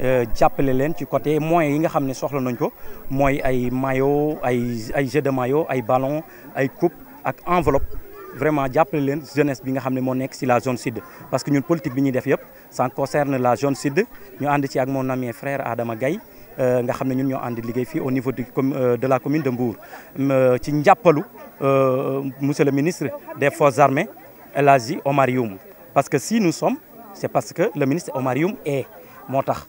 Euh, jappelé len ci côté moyens yi nga xamné soxla nañ ko moy ay maillot ay ay jeu de maillot ay ballon ay coupe ak enveloppe vraiment jappelé len jeunesse bi nga xamné mo nek ci la zone sud parce que ñun politique bi ñi def ça concerne la zone sud ñu and ci ak mon ami frère Adama Gaye euh, nga xamné ñun ñoo and au niveau euh, de la commune de Mbour ci njàppalu monsieur le ministre des forces armées El Hadji Omar Youm parce que si nous sommes c'est parce que le ministre Omar Youm est motax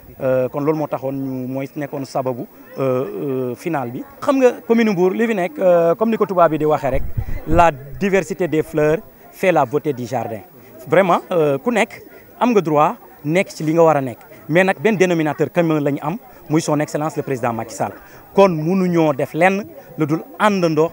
Euh, kon loolu mo taxone ñu mooy nekkoon sababu euh, euh, final bi. xam nga commune bour li fi nek comme ni ko bi di waxe rek la diversité des fleurs fait la beauté du jardin vraiment ku nek am nga droit nek ci li nga wara nek mais nak ben dénominateur commun la am muy son excellence le président Macky Sall kon ñoo def lenn lu dul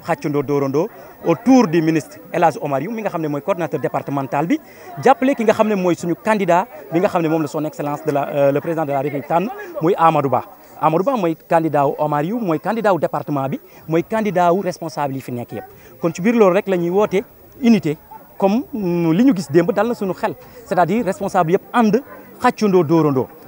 xaccundo dorando, autour du ministre El Hadj Omar Youm mi nga xam moy coordinateur départemental bi jàppale ki nga xam moy suñu candidat bi nga xam mom la son excellence de la euh, le président de la république tànn muy Amadou Ba Amadou Ba moy candidat wu Omar candidat au département bi moy candidat wu responsable yi fi nekk yépp kon ci bir loolu rek lañuy woté unité comme mm, li ñu gis demb dal na suñu xel c'est-à-dire responsable yépp and xaccundo dóorandoo